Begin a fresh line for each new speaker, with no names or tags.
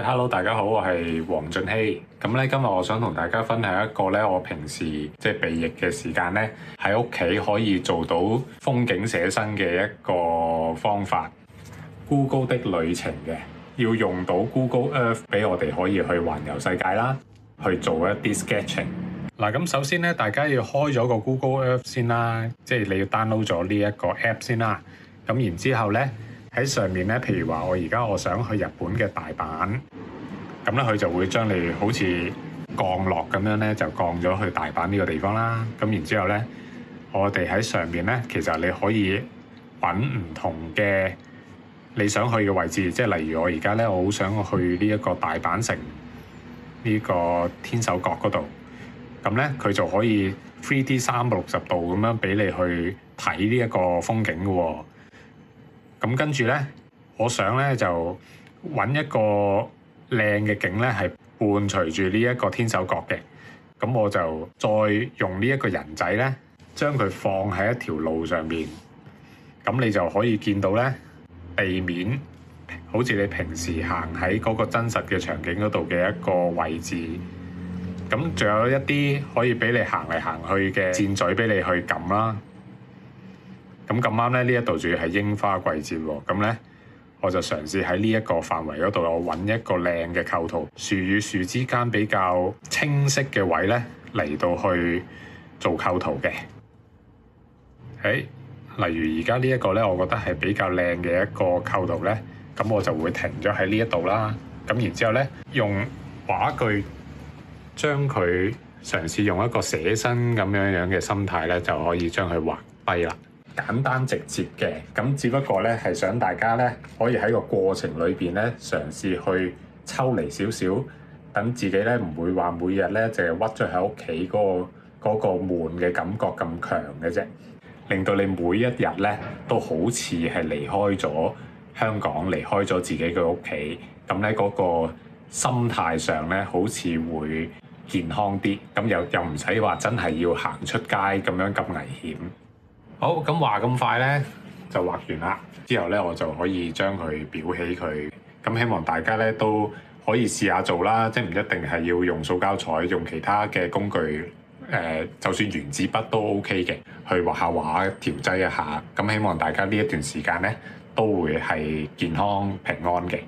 hello 大家好，我係黃進曦，咁咧今日我想同大家分享一個咧我平時即係、就是、避疫嘅時間咧喺屋企可以做到風景寫生嘅一個方法，Google 的旅程嘅，要用到 Google Earth 俾我哋可以去環遊世界啦，去做一啲 sketching。嗱，咁首先咧，大家要開咗個 Google Earth 先啦，即、就、係、是、你要 download 咗呢一個 app 先啦，咁然之後咧。喺上面咧，譬如話，我而家我想去日本嘅大阪，咁咧佢就會將你好似降落咁樣咧，就降咗去大阪呢個地方啦。咁然之後咧，我哋喺上面咧，其實你可以揾唔同嘅你想去嘅位置，即係例如我而家咧，我好想去呢一個大阪城呢個天守閣嗰度。咁咧，佢就可以 three D 三百六十度咁樣俾你去睇呢一個風景嘅喎、哦。咁跟住呢，我想呢，就揾一個靚嘅景呢，係伴隨住呢一個天守閣嘅。咁我就再用呢一個人仔呢，將佢放喺一條路上面，咁你就可以見到呢地面，好似你平時行喺嗰個真實嘅場景嗰度嘅一個位置。咁仲有一啲可以俾你行嚟行去嘅箭嘴俾你去撳啦。咁咁啱咧，剛剛呢一度主要係櫻花季節喎，咁咧我就嘗試喺呢一個範圍嗰度，我揾一個靚嘅構圖，樹與樹之間比較清晰嘅位咧，嚟到去做構圖嘅。誒、哎，例如而家呢一個咧，我覺得係比較靚嘅一個構圖咧，咁我就會停咗喺呢一度啦。咁然之後咧，用畫具將佢嘗試用一個寫生咁樣樣嘅心態咧，就可以將佢畫低啦。簡單直接嘅，咁只不過咧，係想大家咧可以喺個過程裏邊咧嘗試去抽離少少，等自己咧唔會話每日咧淨係屈咗喺屋企嗰個嗰個悶嘅感覺咁強嘅啫，令到你每一日咧都好似係離開咗香港，離開咗自己嘅屋企，咁咧嗰個心態上咧好似會健康啲，咁又又唔使話真係要行出街咁樣咁危險。好，咁畫咁快咧就畫完啦。之後咧我就可以將佢裱起佢。咁希望大家咧都可以試下做啦，即係唔一定係要用塑膠彩，用其他嘅工具。誒、呃，就算原子筆都 OK 嘅，去畫下畫，調劑一下。咁希望大家呢一段時間咧都會係健康平安嘅。